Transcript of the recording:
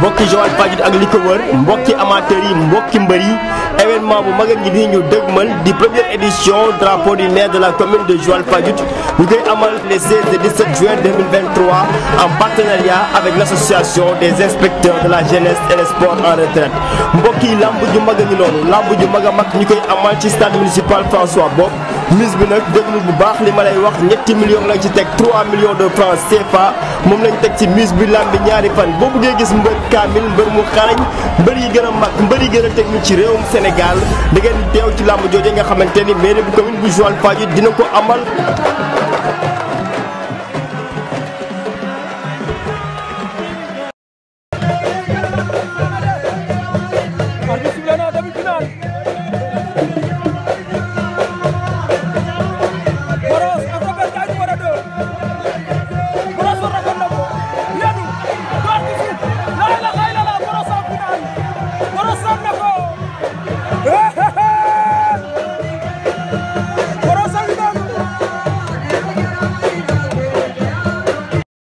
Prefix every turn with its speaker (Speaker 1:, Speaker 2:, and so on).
Speaker 1: mbokki Joal Fadiouth ak Mboki wër mbokki yi mbokki événement bu mag ni ñu première édition drapeau du maire de la commune de Joal Fadiouth ñu amal les 16 et 17 juin 2023 en partenariat avec l'Association des inspecteurs de la jeunesse et des sports en retraite mbokki lamb ju mag a ngi ju maga stade municipal François Bob mise bi nag déglu bu baax li ma lay wax ñetti millions lañ ci teg 3 millions de francs CFA moom lañ teg ci mise bi lamb ñaari fan boo buggee gis mbër kaamil mbër mu xarañ mbër yi gën a mag mbër yi gën a technique ci réewum Sénégal da ngeen teew ci làmb jooje nga xamante ni mairie bu commune bu Joal Fadiouth dina ko amal